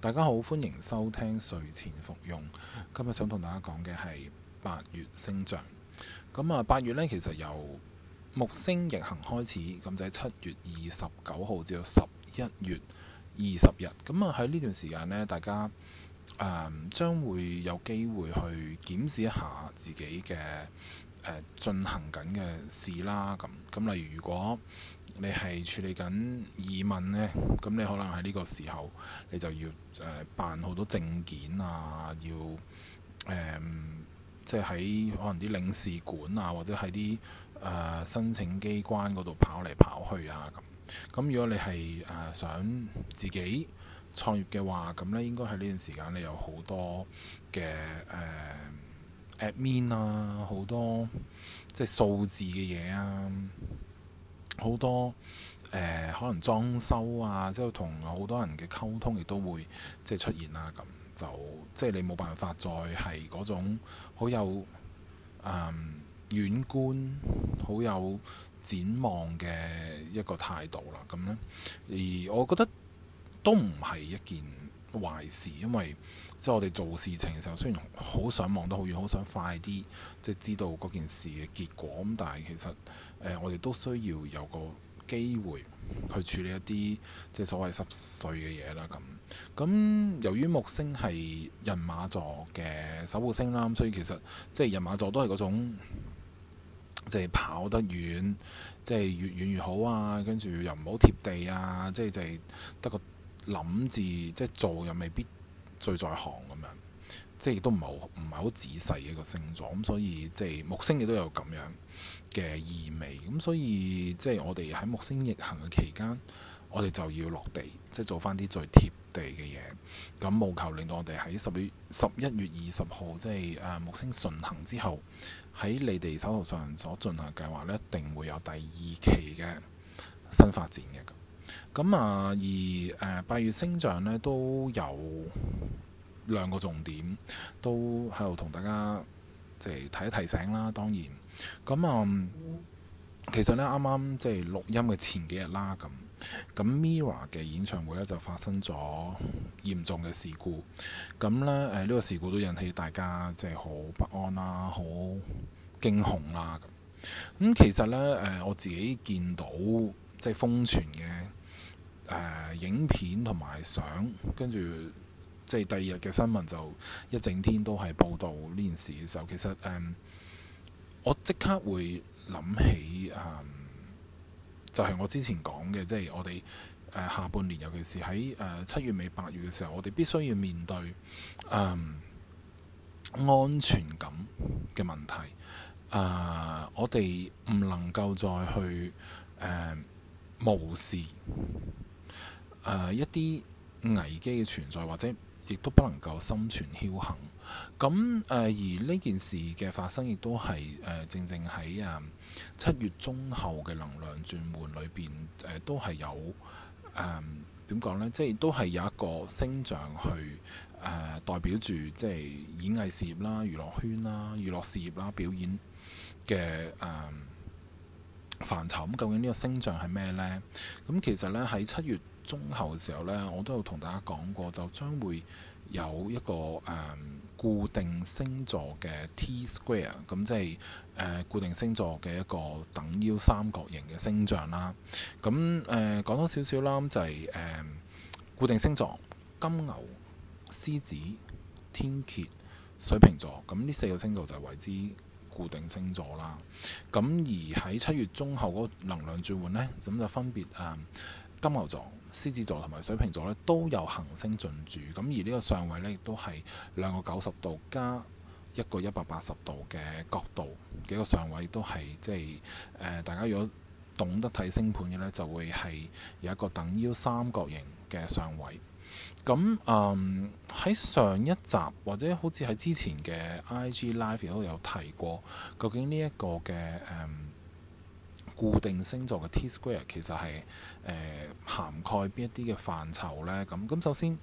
大家好，歡迎收聽睡前服用。今日想同大家講嘅係八月星象。咁啊，八月呢，其實由木星逆行開始，咁就喺七月二十九號至到十一月二十日。咁啊喺呢段時間呢，大家誒、呃、將會有機會去檢視一下自己嘅誒、呃、進行緊嘅事啦。咁咁例如如果。你係處理緊移民呢？咁你可能喺呢個時候，你就要誒、呃、辦好多證件啊，要誒、呃、即係喺可能啲領事館啊，或者喺啲誒申請機關嗰度跑嚟跑去啊咁。咁如果你係誒、呃、想自己創業嘅話，咁呢應該喺呢段時間你有好多嘅誒、呃、admin 啊，好多即係數字嘅嘢啊。好多誒、呃、可能裝修啊，之後同好多人嘅溝通亦都會即係出現啦、啊，咁就即係你冇辦法再係嗰種好有嗯遠、呃、觀、好有展望嘅一個態度啦，咁咧，而我覺得都唔係一件。壞事，因為即係我哋做事情嘅時候，雖然好想望得好遠，好想快啲即係知道嗰件事嘅結果，咁但係其實誒、呃、我哋都需要有個機會去處理一啲即係所謂濕碎嘅嘢啦。咁，咁由於木星係人馬座嘅守護星啦，咁所以其實即係人馬座都係嗰種即係跑得遠，即係越遠越好啊，跟住又唔好貼地啊，即係就係得個。諗住，即係做又未必最在行咁樣，即係亦都唔係好唔係好仔細嘅一個星座咁，所以即係木星亦都有咁樣嘅意味咁，所以即係我哋喺木星逆行嘅期間，我哋就要落地，即係做翻啲最貼地嘅嘢。咁務求令到我哋喺十月、十一月二十號即係誒木星順行之後，喺你哋手頭上所進行嘅計劃呢，一定會有第二期嘅新發展嘅。咁啊，而誒、呃、八月星象咧都有兩個重點都喺度同大家即係提一提醒啦。當然咁啊、嗯，其實咧啱啱即係錄音嘅前幾日啦。咁咁 Mirror 嘅演唱會咧就發生咗嚴重嘅事故。咁咧誒、呢、呃這個事故都引起大家即係好不安啦，好驚恐啦。咁其實咧誒、呃，我自己見到即係、就是、瘋傳嘅。呃、影片同埋相，跟住即係第二日嘅新聞，就一整天都係報道呢件事嘅時候，其實、嗯、我即刻會諗起、嗯、就係、是、我之前講嘅，即係我哋、呃、下半年，尤其是喺、呃、七月尾八月嘅時候，我哋必須要面對、嗯、安全感嘅問題。呃、我哋唔能夠再去誒、呃、無視、誒、呃、一啲危機嘅存在，或者亦都不能夠心存僥倖。咁誒、呃、而呢件事嘅發生，亦都係誒、呃、正正喺啊、呃、七月中後嘅能量轉換裏邊誒，都係有誒點講呢？即係都係有一個星象去誒、呃、代表住，即係演藝事業啦、娛樂圈啦、娛樂事業啦、表演嘅誒範疇。咁、呃嗯、究竟呢個星象係咩呢？咁、嗯、其實咧喺七月中後嘅時候呢，我都有同大家講過，就將會有一個誒、嗯、固定星座嘅 T-square，咁即係、呃、固定星座嘅一個等腰三角形嘅星象啦。咁誒、呃、講多少少啦，就係、是嗯、固定星座：金牛、獅子、天蠍、水瓶座。咁呢四個星座就為之固定星座啦。咁而喺七月中後嗰個能量轉換呢，咁就分別誒、嗯、金牛座。獅子座同埋水瓶座咧都有行星進駐，咁而呢個相位咧亦都係兩個九十度加一個一百八十度嘅角度嘅一個相位都，都係即係、呃、大家如果懂得睇星盤嘅咧，就會係有一個等腰三角形嘅相位。咁嗯喺上一集或者好似喺之前嘅 IG Live 都有提過，究竟呢一個嘅誒、嗯固定星座嘅 T-square 其實係誒、呃、涵蓋邊一啲嘅範疇呢？咁咁首先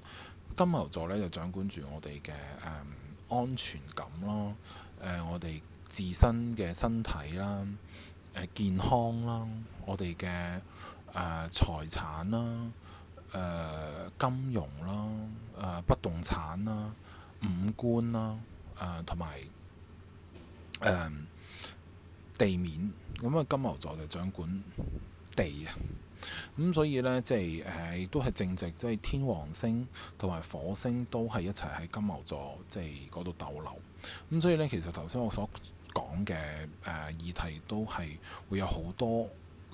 金牛座咧就掌管住我哋嘅誒安全感啦，誒、呃、我哋自身嘅身體啦、呃，健康啦，我哋嘅誒財產啦，誒、呃、金融啦，誒、呃、不動產啦，五官啦，誒同埋誒地面。咁啊金牛座就掌管地啊，咁所以咧即係誒都係正直，即係天王星同埋火星都係一齊喺金牛座即係嗰度逗留，咁所以咧其實頭先我所講嘅誒議題都係會有好多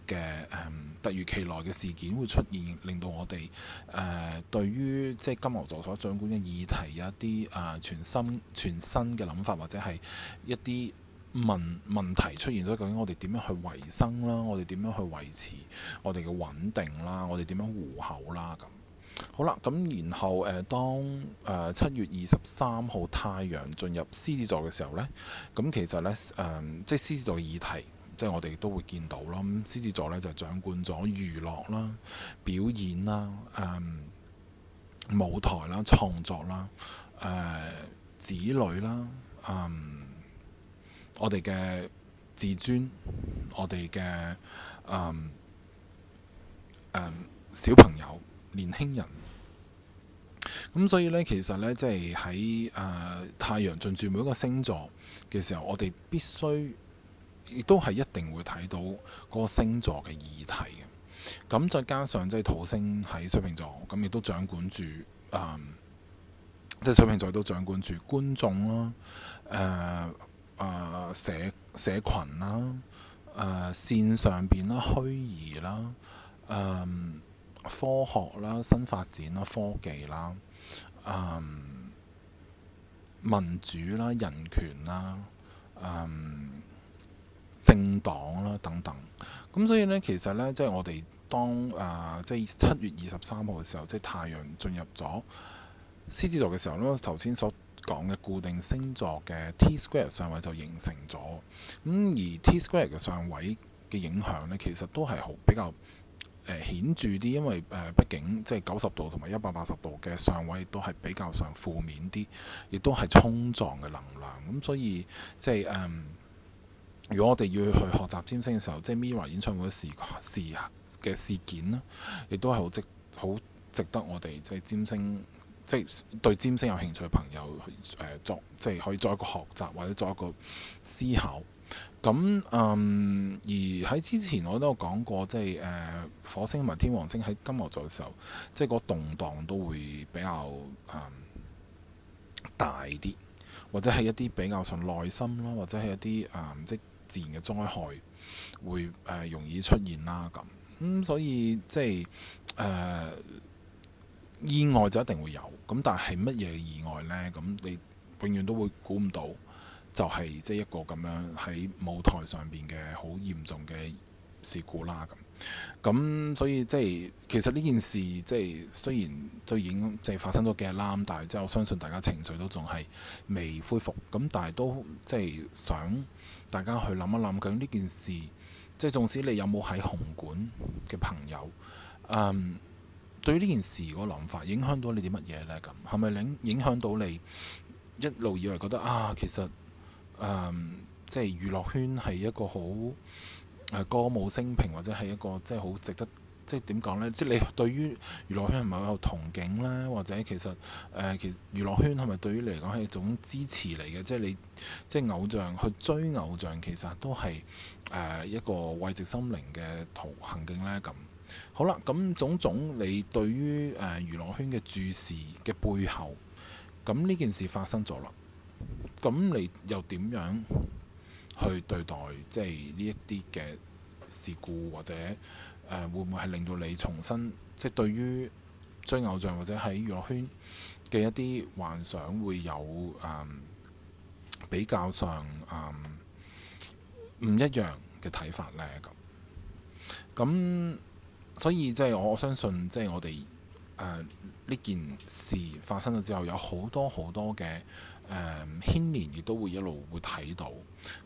嘅誒、嗯、突如其來嘅事件會出現，令到我哋誒、呃、對於即係金牛座所掌管嘅議題有一啲啊、呃、全新全新嘅諗法或者係一啲。問問題出現咗，究竟我哋點樣去維生啦？我哋點樣去維持我哋嘅穩定啦？我哋點樣糊口啦？咁好啦，咁然後誒、呃，當誒、呃、七月二十三號太陽進入獅子座嘅時候呢，咁其實呢，誒、呃，即係獅子座嘅議題，即係我哋都會見到咯。咁獅子座呢，就掌管咗娛樂啦、表演啦、呃、舞台啦、創作啦、呃、子女啦、呃我哋嘅自尊，我哋嘅、嗯嗯、小朋友、年輕人，咁所以呢，其實呢，即係喺、呃、太陽進駐每一個星座嘅時候，我哋必須亦都係一定會睇到嗰個星座嘅議題嘅。咁再加上即係土星喺水瓶座，咁亦都掌管住、呃、即係水瓶座都掌管住觀眾啦，呃誒、呃、社社群啦，誒、呃、線上面啦，虛擬啦、呃，科學啦，新發展啦，科技啦、呃，民主啦，人權啦、呃，政黨啦，等等。咁所以呢，其實呢，即係我哋當誒、呃、即係七月二十三號嘅時候，即係太陽進入咗獅子座嘅時候呢，頭先所講嘅固定星座嘅 T-square 上位就形成咗，咁而 T-square 嘅上位嘅影響呢，其實都係好比較誒顯著啲，因為誒畢竟即係九十度同埋一百八十度嘅上位都係比較上負面啲，亦都係衝撞嘅能量，咁所以即係誒，如果我哋要去學習占星嘅時候，即係 Mira 演唱會事事嘅事件咧，亦都係好值好值得我哋即係占星。即係對占星有興趣嘅朋友，誒、呃、作即係可以作一個學習，或者作一個思考。咁嗯，而喺之前我都講過，即係誒、呃、火星同埋天王星喺金牛座嘅時候，即係個動盪都會比較誒、呃、大啲，或者係一啲比較從內心啦，或者係一啲誒、呃、即自然嘅災害會誒容易出現啦咁。咁、嗯、所以即係誒。呃意外就一定會有，咁但係乜嘢意外呢？咁你永遠都會估唔到，就係即係一個咁樣喺舞台上邊嘅好嚴重嘅事故啦。咁，咁所以即係其實呢件事即係雖然都已經即係發生咗幾日啦，但係即係我相信大家情緒都仲係未恢復。咁但係都即係想大家去諗一諗，究竟呢件事即係縱使你有冇喺紅館嘅朋友，嗯。對於呢件事個諗法影響到你啲乜嘢呢？咁係咪影影響到你一路以為覺得啊？其實、呃、即係娛樂圈係一個好、呃、歌舞升平，或者係一個即係好值得，即係點講呢？即係你對於娛樂圈係咪有憧憬呢？或者其實誒、呃，其實娛樂圈係咪對於你嚟講係一種支持嚟嘅？即係你即係偶像去追偶像，其實都係、呃、一個慰藉心靈嘅途行徑呢。咁。好啦，咁種種你對於誒娛樂圈嘅注視嘅背後，咁呢件事發生咗啦，咁你又點樣去對待？即係呢一啲嘅事故或者誒、呃，會唔會係令到你重新即係對於追偶像或者喺娛樂圈嘅一啲幻想會有誒、嗯、比較上嗯、唔一樣嘅睇法呢？咁咁。所以即係我相信，即係我哋誒呢件事發生咗之後，有好多好多嘅誒、呃、牽連，亦都會一路會睇到。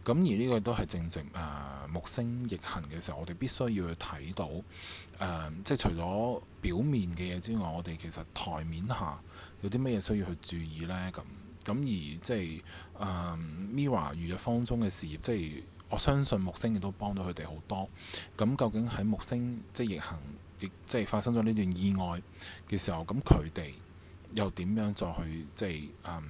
咁而呢個都係正值誒木星逆行嘅時候，我哋必須要去睇到、呃、即係除咗表面嘅嘢之外，我哋其實台面下有啲乜嘢需要去注意呢？咁咁而即係誒、呃、MIRROR 如日方中嘅事業，即係。我相信木星亦都幫到佢哋好多。咁究竟喺木星即係逆行，亦即係發生咗呢段意外嘅時候，咁佢哋又點樣再去即係嗯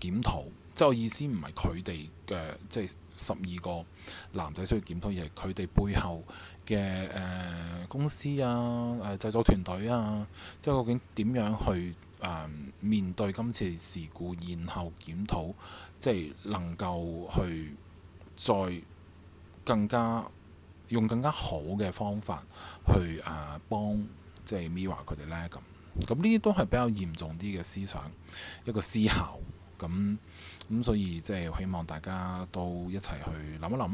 檢討？即係我意思唔係佢哋嘅，即係十二個男仔需要檢討，而係佢哋背後嘅誒、呃、公司啊、誒製作團隊啊，即係究竟點樣去啊、嗯、面對今次事故，然後檢討，即係能夠去。再更加用更加好嘅方法去啊，幫即係 Mia 佢哋咧。咁、就、咁、是、呢啲都係比較嚴重啲嘅思想，一個思考咁咁，所以即係希望大家都一齊去諗一諗，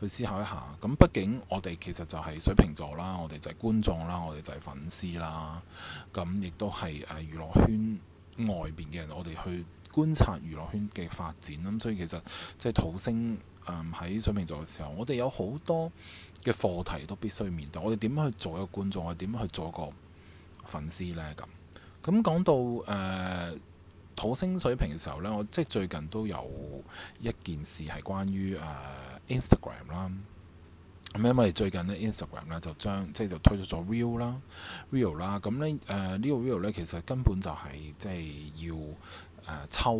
去思考一下。咁畢竟我哋其實就係水瓶座啦，我哋就係觀眾啦，我哋就係粉絲啦。咁亦都係誒娛樂圈外邊嘅人，我哋去觀察娛樂圈嘅發展。咁所以其實即係土星。喺水瓶座嘅時候，我哋有好多嘅課題都必須面對。我哋點樣去做一個觀眾，我哋點樣去做一個粉絲呢？咁咁講到誒、呃、土星水瓶嘅時候呢，我即係最近都有一件事係關於誒、呃、Instagram 啦。咁因為最近呢 Instagram 咧就將即係就推出咗 Reel 啦，Reel 啦。咁呢，誒、呃這個、呢個 Reel 呢其實根本就係、是、即係要。誒、呃、抽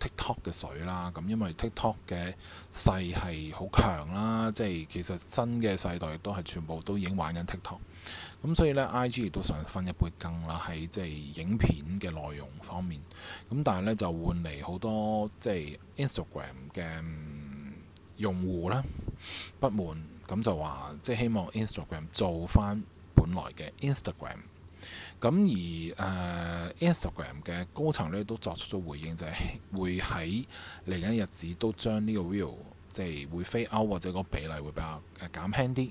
TikTok 嘅水啦，咁因為 TikTok 嘅勢係好強啦，即係其實新嘅世代亦都係全部都已經玩緊 TikTok，咁所以呢 IG 亦都想分一杯羹啦，喺即係影片嘅內容方面，咁但係呢，就換嚟好多即係 Instagram 嘅用戶啦，不滿，咁就話即係希望 Instagram 做翻本來嘅 Instagram。咁而誒、uh, Instagram 嘅高層咧都作出咗回應，就係、是、會喺嚟緊日子都將呢個 view 即係會 fade out 或者個比例會比較誒減輕啲，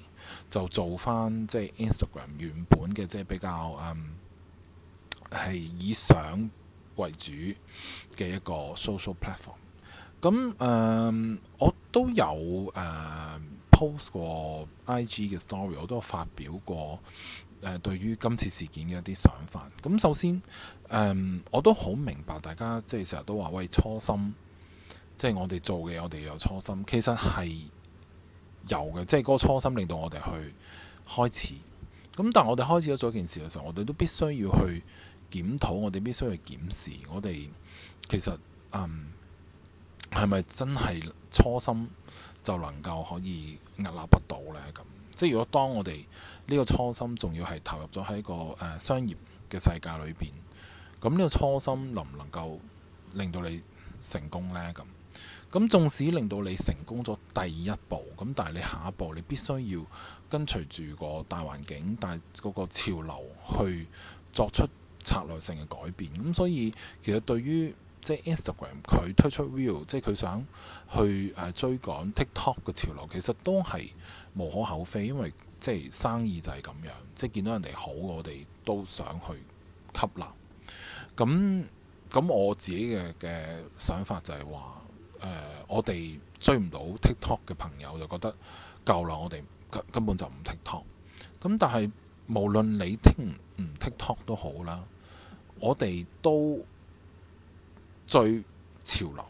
就做返即係 Instagram 原本嘅即係比較嗯係、um, 以相為主嘅一個 social platform。咁誒、uh, 我都有誒、uh, post 過 IG 嘅 story，我都發表過。誒、呃、對於今次事件嘅一啲想法，咁首先，誒、嗯、我都好明白大家即係成日都話喂初心，即係我哋做嘅，我哋有初心，其實係有嘅，即係嗰個初心令到我哋去開始。咁但係我哋開始咗做一件事嘅時候，我哋都必須要去檢討，我哋必須去檢視，我哋其實嗯係咪真係初心就能夠可以屹立不倒呢？咁。即係如果當我哋呢個初心，仲要係投入咗喺個誒、呃、商業嘅世界裏邊，咁、這、呢個初心能唔能夠令到你成功呢？咁咁，縱使令到你成功咗第一步，咁但係你下一步你必須要跟隨住個大環境，但係嗰個潮流去作出策略性嘅改變。咁、嗯、所以其實對於即係 Instagram 佢推出 View 即係佢想去誒追趕 TikTok 嘅潮流，其實都係。無可厚非，因為即係生意就係咁樣，即係見到人哋好，我哋都想去吸納。咁咁，我自己嘅嘅想法就係話誒我哋追唔到 TikTok 嘅朋友，就覺得夠啦。我哋根本就唔 TikTok。咁但係無論你聽唔 TikTok 都好啦，我哋都追潮流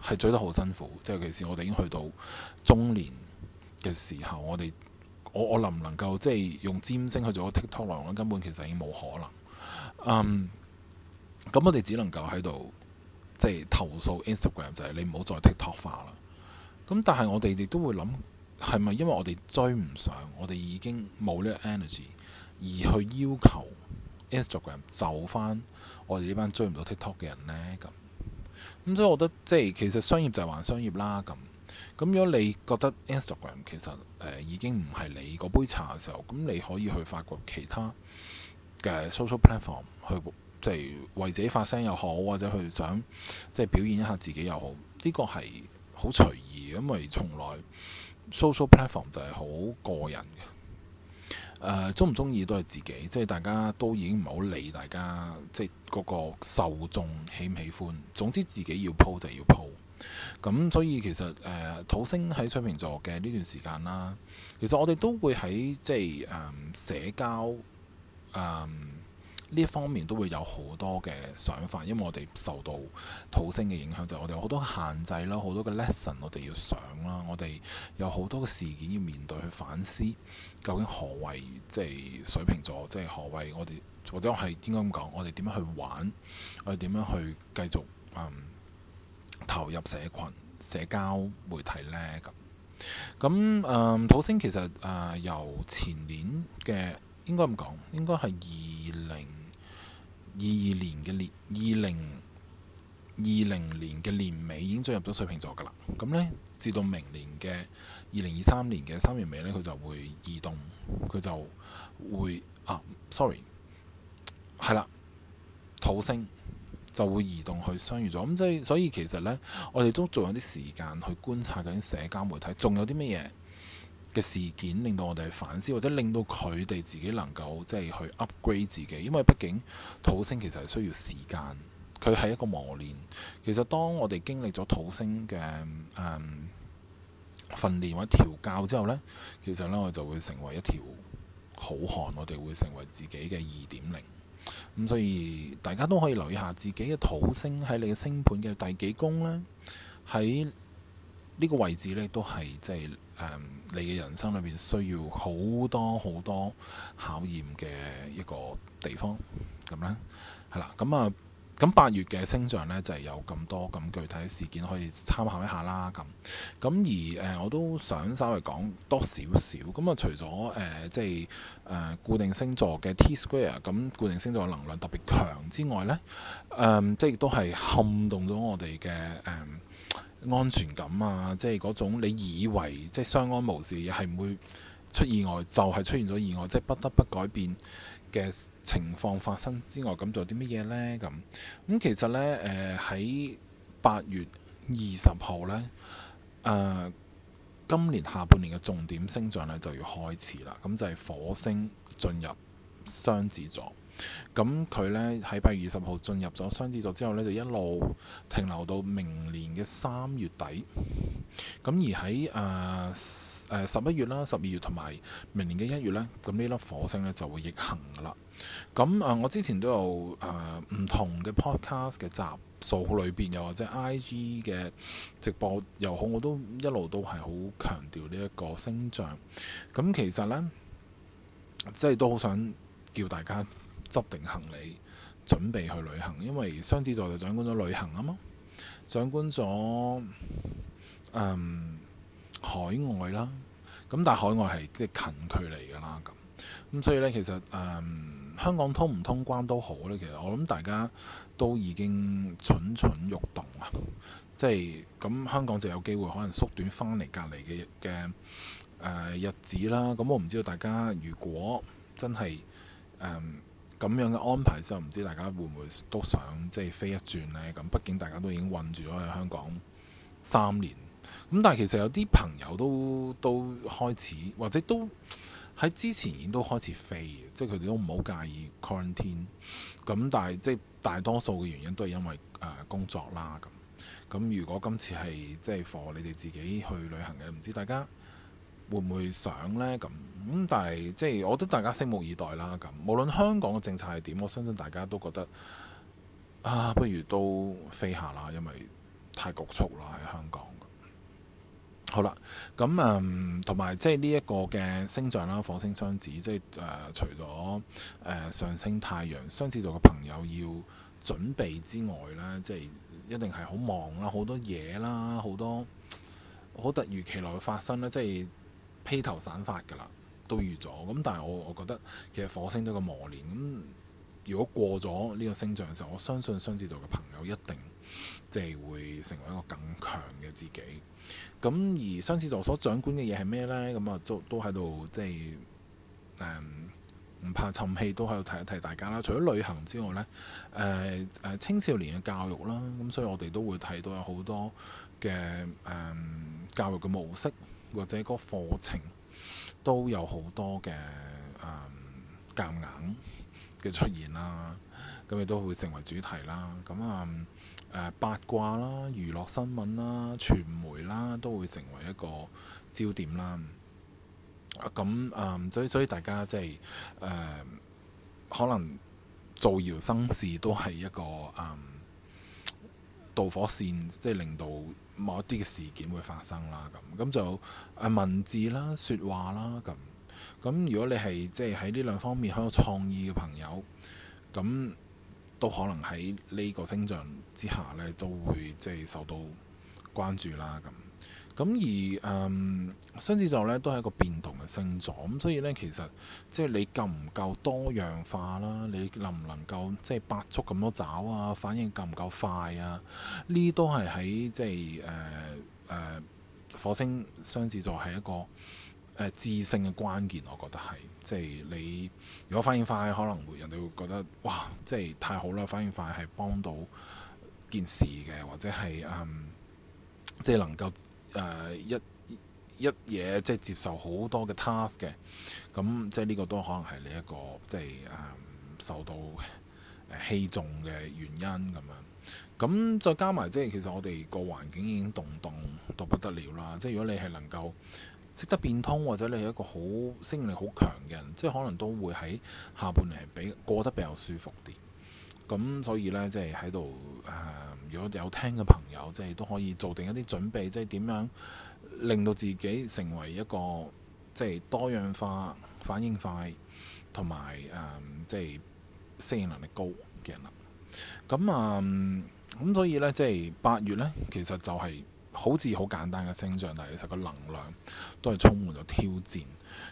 係追得好辛苦，即係尤其是我哋已經去到中年嘅時候，我哋我我能唔能夠即係用占星去做個 TikTok 內容根本其實已經冇可能。嗯，咁我哋只能夠喺度即係投訴 Instagram，就係你唔好再 TikTok 化啦。咁但係我哋亦都會諗，係咪因為我哋追唔上，我哋已經冇呢個 energy，而去要求 Instagram 就翻我哋呢班追唔到 TikTok 嘅人呢？咁咁所以，我覺得即係其實商業就係還商業啦。咁。咁如果你覺得 Instagram 其實誒已經唔係你嗰杯茶嘅時候，咁你可以去發掘其他嘅 social platform 去即係、就是、為自己發聲又好，或者去想即係表演一下自己又好。呢、這個係好隨意，因為從來 social platform 就係好個人嘅。誒、呃，中唔中意都係自己，即、就、係、是、大家都已經唔係好理，大家即係嗰個受眾喜唔喜歡。總之自己要 po 就要 po。咁所以其實誒、呃、土星喺水瓶座嘅呢段時間啦，其實我哋都會喺即係誒、嗯、社交誒呢一方面都會有好多嘅想法，因為我哋受到土星嘅影響，就是、我哋有好多限制啦，好多嘅 lesson 我哋要想啦，我哋有好多嘅事件要面對去反思，究竟何謂即係水瓶座，即係何謂我哋或者我係應該咁講，我哋點樣去玩，我哋點樣去繼續誒、嗯投入社群、社交媒體呢，咁，咁、嗯、誒土星其實誒、呃、由前年嘅應該咁講，應該係二零二二年嘅年二零二零年嘅年尾已經進入咗水瓶座㗎喇，咁呢，至到明年嘅二零二三年嘅三月尾呢，佢就會移動，佢就會啊，sorry，係喇，土星。就會移動去相遇咗，咁、嗯、即係所以其實呢，我哋都仲有啲時間去觀察緊社交媒體，仲有啲乜嘢嘅事件令到我哋去反思，或者令到佢哋自己能夠即係去 upgrade 自己，因為畢竟土星其實係需要時間，佢係一個磨練。其實當我哋經歷咗土星嘅嗯訓練或者調教之後呢，其實呢，我就會成為一條好漢，我哋會成為自己嘅二點零。咁所以大家都可以留意下自己嘅土星喺你嘅星盤嘅第幾宮咧？喺呢個位置咧，都係即係誒、嗯，你嘅人生裏邊需要好多好多考驗嘅一個地方咁啦，係啦，咁啊。嗯嗯咁八月嘅星象呢，就係、是、有咁多咁具體嘅事件可以參考一下啦。咁咁而誒、呃、我都想稍微講多少少。咁啊除咗誒、呃、即係、呃、固定星座嘅 T-square，咁固定星座能量特別強之外呢，呃、即係都係撼動咗我哋嘅誒安全感啊！即係嗰種你以為即係相安無事係唔會出意外，就係、是、出現咗意外，即係不得不改變。嘅情況發生之外，咁做啲乜嘢呢？咁咁其實呢，誒喺八月二十號呢，誒、呃、今年下半年嘅重點星象呢，就要開始啦。咁就係火星進入雙子座。咁佢呢喺八月二十號進入咗雙子座之後呢，就一路停留到明年嘅三月底。咁而喺誒誒十一月啦、十二月同埋明年嘅一月呢，咁呢粒火星呢就會逆行噶啦。咁啊、呃，我之前都有誒唔、呃、同嘅 podcast 嘅集數裏邊，又或者 IG 嘅直播又好，我都一路都係好強調呢一個星象。咁其實呢，即係都好想叫大家。執定行李，準備去旅行，因為雙子座就掌管咗旅行啊嘛，掌管咗嗯海外啦。咁但係海外係即係近距離㗎啦，咁咁所以呢，其實嗯香港通唔通關都好呢。其實我諗大家都已經蠢蠢欲動啊，即係咁、嗯、香港就有機會可能縮短返嚟隔離嘅嘅誒日子啦。咁我唔知道大家如果真係嗯。咁樣嘅安排就唔知大家會唔會都想即係飛一轉呢？咁畢竟大家都已經困住咗喺香港三年，咁但係其實有啲朋友都都開始，或者都喺之前已經都開始飛，即係佢哋都唔好介意 quarantine。咁但係即係大多數嘅原因都係因為誒工作啦咁。咁如果今次係即係貨你哋自己去旅行嘅，唔知大家？會唔會想呢？咁咁，但係即係，我覺得大家拭目以待啦。咁，無論香港嘅政策係點，我相信大家都覺得啊，不如都飛下啦，因為太局促啦喺香港。好啦，咁啊，嗯、同埋即係呢一個嘅星象啦，火星雙子，即係、呃、除咗、呃、上升太陽雙子座嘅朋友要準備之外咧，即係一定係好忙啦，好多嘢啦，好多好突如其來嘅發生咧，即係。披頭散髮㗎啦，都預咗。咁但係我我覺得其實火星都個磨練。咁如果過咗呢個星象嘅時候，我相信雙子座嘅朋友一定即係會成為一個更強嘅自己。咁而雙子座所掌管嘅嘢係咩呢？咁啊都都喺度即係唔、嗯、怕沉氣都喺度提一提大家啦。除咗旅行之外呢，誒、呃、誒青少年嘅教育啦，咁、嗯、所以我哋都會睇到有好多嘅、嗯、教育嘅模式。或者個課程都有好多嘅誒夾硬嘅出現啦，咁亦都會成為主題啦。咁啊，啊八卦啦、娛樂新聞啦、傳媒啦，都會成為一個焦點啦。咁啊，啊，所以所以大家即係、啊、可能造謠生事都係一個誒、啊、導火線，即係令到某一啲嘅事件會發生啦，咁咁就啊文字啦、說話啦，咁咁如果你係即係喺呢兩方面好有創意嘅朋友，咁都可能喺呢個星象之下咧，都會即係、就是、受到關注啦，咁。咁而誒雙子座咧都係一個變動嘅星座，咁所以咧其實即係你夠唔夠多樣化啦？你能唔能夠即係百足咁多爪啊？反應夠唔夠快啊？呢啲都係喺即係誒誒火星雙子座係一個誒、呃、智性嘅關鍵，我覺得係即係你如果反應快，可能會人哋會覺得哇，即係太好啦！反應快係幫到件事嘅，或者係、嗯、即係能夠，誒、uh, 一一嘢即係接受好多嘅 task 嘅，咁即係呢個都可能係你一個即係誒、嗯、受到誒器、呃、重嘅原因咁樣。咁再加埋即係其實我哋個環境已經動盪到不得了啦。即係如果你係能夠識得變通，或者你係一個好適應力好強嘅人，即係可能都會喺下半年係比過得比較舒服啲。咁所以呢，即係喺度誒。呃如果有聽嘅朋友，即係都可以做定一啲準備，即係點樣令到自己成為一個即係多樣化、反應快同埋誒，即係適應能力高嘅人啦。咁啊，咁、嗯、所以呢，即係八月呢，其實就係好似好簡單嘅星象，但其實個能量都係充滿咗挑戰。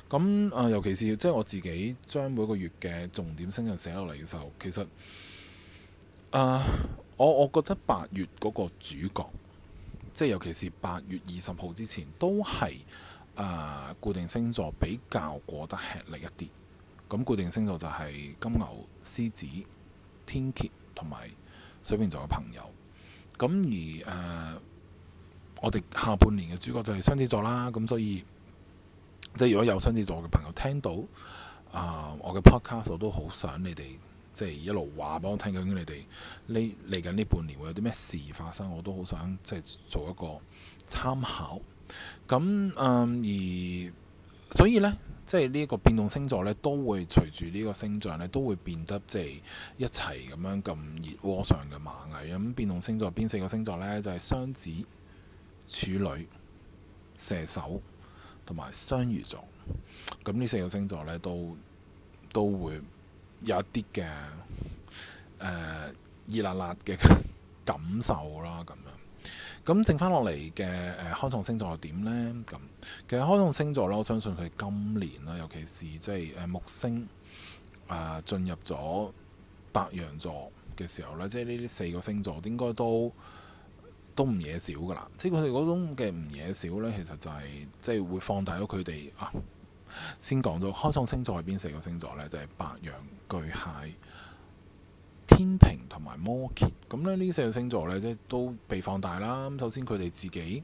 咁啊、呃，尤其是即係我自己將每個月嘅重點星象寫落嚟嘅時候，其實啊～、呃我我覺得八月嗰個主角，即係尤其是八月二十號之前，都係啊、呃、固定星座比較過得吃力一啲。咁、嗯、固定星座就係金牛、獅子、天蠍同埋水瓶座嘅朋友。咁、嗯、而誒、呃，我哋下半年嘅主角就係雙子座啦。咁、嗯、所以即係如果有雙子座嘅朋友聽到啊、呃，我嘅 podcast 我都好想你哋。即係一路話畀我聽究竟你哋呢嚟緊呢半年會有啲咩事發生，我都好想即係做一個參考。咁嗯，而所以呢，即係呢個變動星座呢，都會隨住呢個星座呢，都會變得即係一齊咁樣咁熱鍋上嘅螞蟻。咁變動星座邊四個星座呢？就係雙子、處女、射手同埋雙魚座。咁呢四個星座呢，都都會。有一啲嘅誒熱辣辣嘅 感受啦，咁樣咁剩翻落嚟嘅誒開創星座係點呢？咁其實開創星座啦，我相信佢今年啦，尤其是即係誒木星啊、呃、進入咗白羊座嘅時候呢，即係呢啲四個星座應該都都唔嘢少噶啦。即係佢哋嗰種嘅唔嘢少呢，其實就係、是、即係會放大咗佢哋啊。先講咗開創星座係邊四個星座呢，就係、是、白羊、巨蟹、天秤同埋摩羯。咁咧呢四個星座呢，即都被放大啦。首先佢哋自己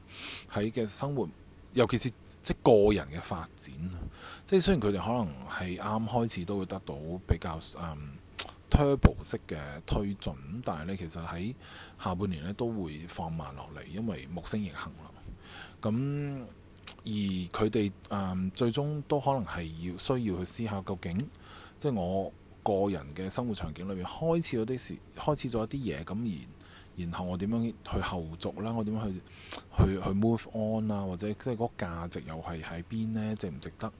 喺嘅生活，尤其是即係個人嘅發展，即係雖然佢哋可能係啱開始都會得到比較、um, turbo 式嘅推進，但係呢其實喺下半年呢都會放慢落嚟，因為木星逆行啦。咁而佢哋誒最終都可能係要需要去思考，究竟即係、就是、我個人嘅生活場景裏面開始咗啲事，開始咗一啲嘢咁，而然後我點樣去後續啦？我點樣去去去 move on 啊？或者即係嗰個價值又係喺邊呢？值、就、唔、是、值得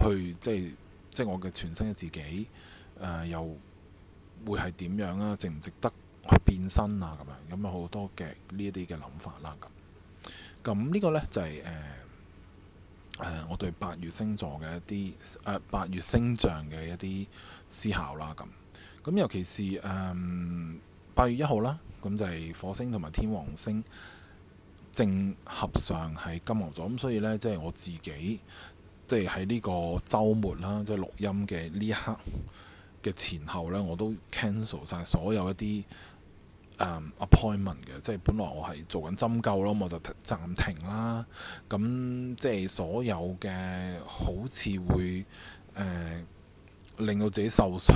去？即係即係我嘅全新嘅自己誒、呃，又會係點樣啊？值唔值得去變身啊？咁樣咁有好多嘅呢一啲嘅諗法啦。咁咁呢個呢，就係、是、誒。呃誒，我對八月星座嘅一啲誒，八月星象嘅一啲思考啦，咁咁尤其是誒、八月一號啦，咁就係火星同埋天王星正合上係金牛座，咁所以呢，即係我自己，即係喺呢個週末啦，即係錄音嘅呢一刻嘅前後呢，我都 cancel 晒所有一啲。Um, appointment 嘅，即係本來我係做緊針灸咯，我就停暫停啦。咁即係所有嘅好似會誒、呃、令到自己受傷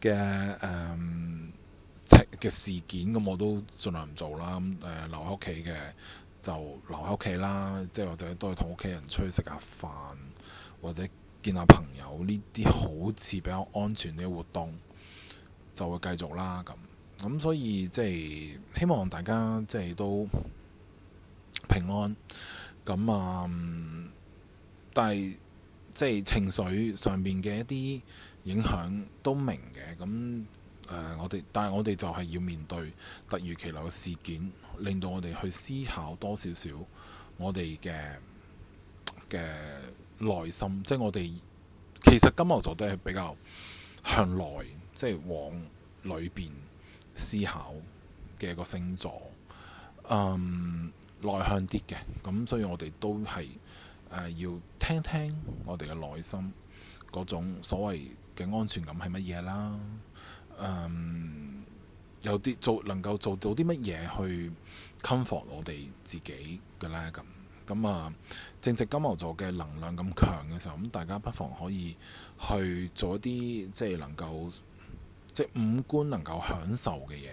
嘅誒嘅事件，咁我都盡量唔做啦。咁誒、呃、留喺屋企嘅就留喺屋企啦。即係或者都係同屋企人出去食下飯，或者見下朋友，呢啲好似比較安全嘅活動，就會繼續啦咁。咁、嗯、所以即係希望大家即係都平安咁啊、嗯！但係即係情緒上邊嘅一啲影響都明嘅。咁、嗯、誒、呃，我哋但係我哋就係要面對突如其來嘅事件，令到我哋去思考多少少我哋嘅嘅內心，即係我哋其實金牛座都係比較向內，即係往裏邊。思考嘅一個星座，嗯，內向啲嘅，咁所以我哋都係誒、呃、要聽聽我哋嘅內心嗰種所謂嘅安全感係乜嘢啦，嗯，有啲做能夠做到啲乜嘢去 comfort 我哋自己嘅呢？咁咁啊，正值金牛座嘅能量咁強嘅時候，咁大家不妨可以去做一啲即係能夠。即五官能夠享受嘅嘢，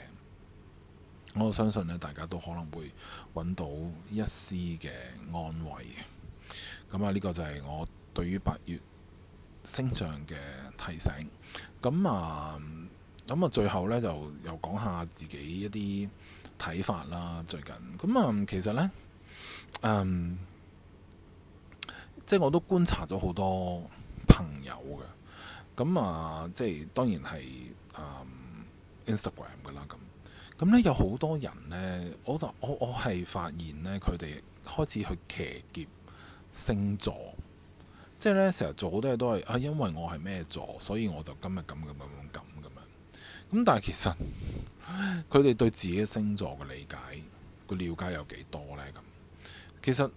我相信呢，大家都可能會揾到一絲嘅安慰嘅。咁啊，呢個就係我對於八月星象嘅提醒。咁啊，咁啊，最後呢就又講下自己一啲睇法啦。最近，咁啊，其實呢，嗯，即我都觀察咗好多朋友嘅，咁啊，即當然係。嗯，um，Instagram 噶啦咁，咁呢有好多人呢，我我我係發現呢，佢哋開始去騎劫星座，即係呢成日做好多嘢都係啊，因為我係咩座，所以我就今日咁咁咁咁咁，咁但係其實佢哋對自己嘅星座嘅理解個了解有幾多呢，咁其實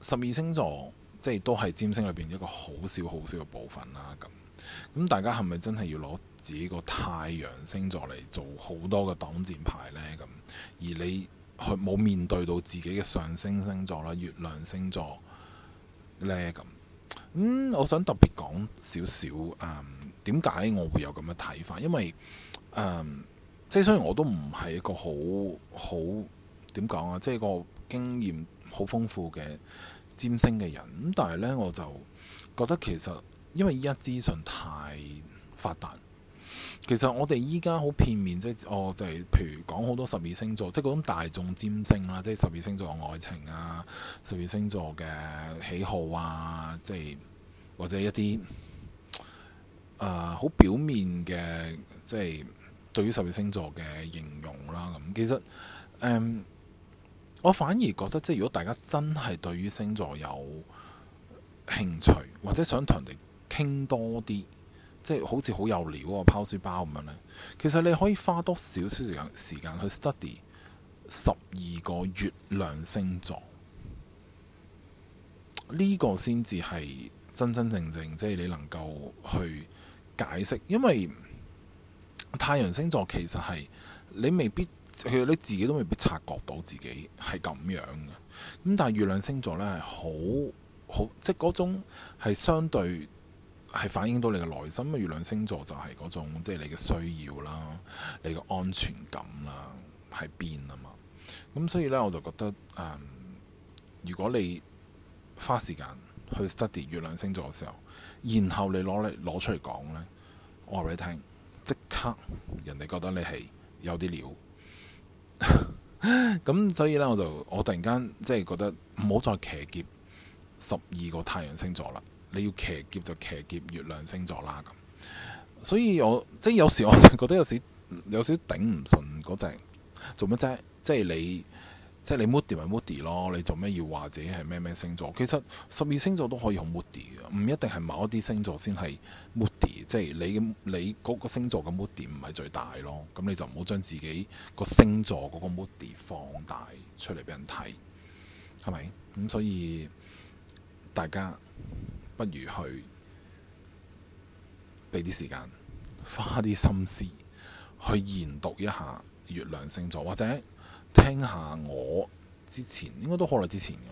十二星座即係都係占星裏邊一個好少好少嘅部分啦，咁咁大家係咪真係要攞？自己個太陽星座嚟做好多嘅擋箭牌呢，咁，而你去冇面對到自己嘅上升星，星座啦、月亮星座呢，咁、嗯。我想特別講少少，嗯，點解我會有咁嘅睇法？因為，嗯、即係雖然我都唔係一個好好點講啊，即係個經驗好豐富嘅占星嘅人，咁但係呢，我就覺得其實因為依家資訊太發達。其實我哋依家好片面，即係我、哦、就係、是、譬如講好多十二星座，即係嗰種大眾占星啦，即係十二星座嘅愛情啊，十二星座嘅喜好啊，即係或者一啲誒好表面嘅，即係對於十二星座嘅形容啦。咁其實誒、嗯，我反而覺得即係如果大家真係對於星座有興趣，或者想同人哋傾多啲。即係好似好有料，個拋書包咁樣咧。其實你可以花多少少時間時間去 study 十二個月亮星座，呢個先至係真真正正，即係你能夠去解釋，因為太陽星座其實係你未必，其實你自己都未必察覺到自己係咁樣嘅。咁但係月亮星座咧係好好，即係嗰種係相對。係反映到你嘅內心，月亮星座就係嗰種，即係你嘅需要啦，你嘅安全感啦，喺邊啊嘛？咁所以呢，我就覺得，嗯，如果你花時間去 study 月亮星座嘅時候，然後你攞嚟攞出嚟講呢，我話俾你聽，即刻人哋覺得你係有啲料。咁 所以呢，我就我突然間即係覺得，唔好再騎劫十二個太陽星座啦。你要騎劫就騎劫月亮星座啦，咁，所以我即係有時我就覺得有時有少少頂唔順嗰陣，做乜啫？即係你即係你 moody 咪 moody 咯，你做咩要話自己係咩咩星座？其實十二星座都可以好 moody 嘅，唔一定係某一啲星座先係 moody。即係你你嗰個星座嘅 moody 唔係最大咯，咁你就唔好將自己個星座嗰個 moody 放大出嚟俾人睇，係咪？咁所以大家。不如去俾啲時間，花啲心思去研讀一下月亮星座，或者聽下我之前應該都好耐之前嘅，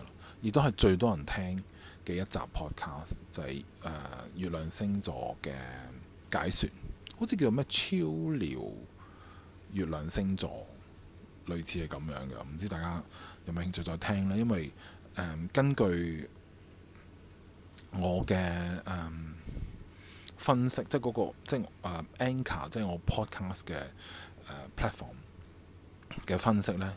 亦都係最多人聽嘅一集 podcast，就係、呃、月亮星座嘅解說，好似叫咩超聊月亮星座，類似係咁樣嘅，唔知大家有冇興趣再聽呢？因為、呃、根據。我嘅、嗯、分析，即係、嗰個，即係、uh, Anchor，即係我 Podcast 嘅、uh, platform 嘅分析咧，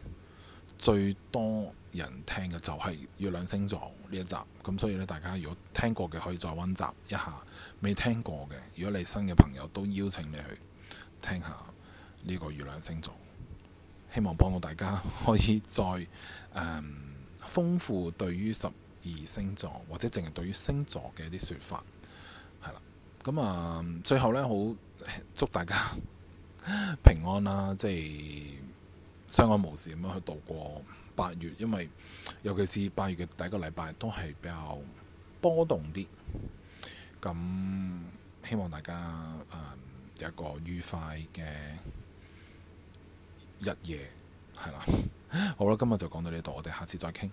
最多人聽嘅就係月亮星座呢一集。咁所以咧，大家如果聽過嘅可以再温習一下，未聽過嘅，如果你新嘅朋友都邀請你去聽下呢個月亮星座，希望幫到大家可以再嗯、豐富對於十。而星座或者淨係對於星座嘅一啲說法，係啦。咁啊，最後呢，好祝大家 平安啦，即係相安無事咁樣去度過八月。因為尤其是八月嘅第一個禮拜都係比較波動啲。咁希望大家、嗯、有一個愉快嘅日夜，係啦。好啦，今日就講到呢度，我哋下次再傾。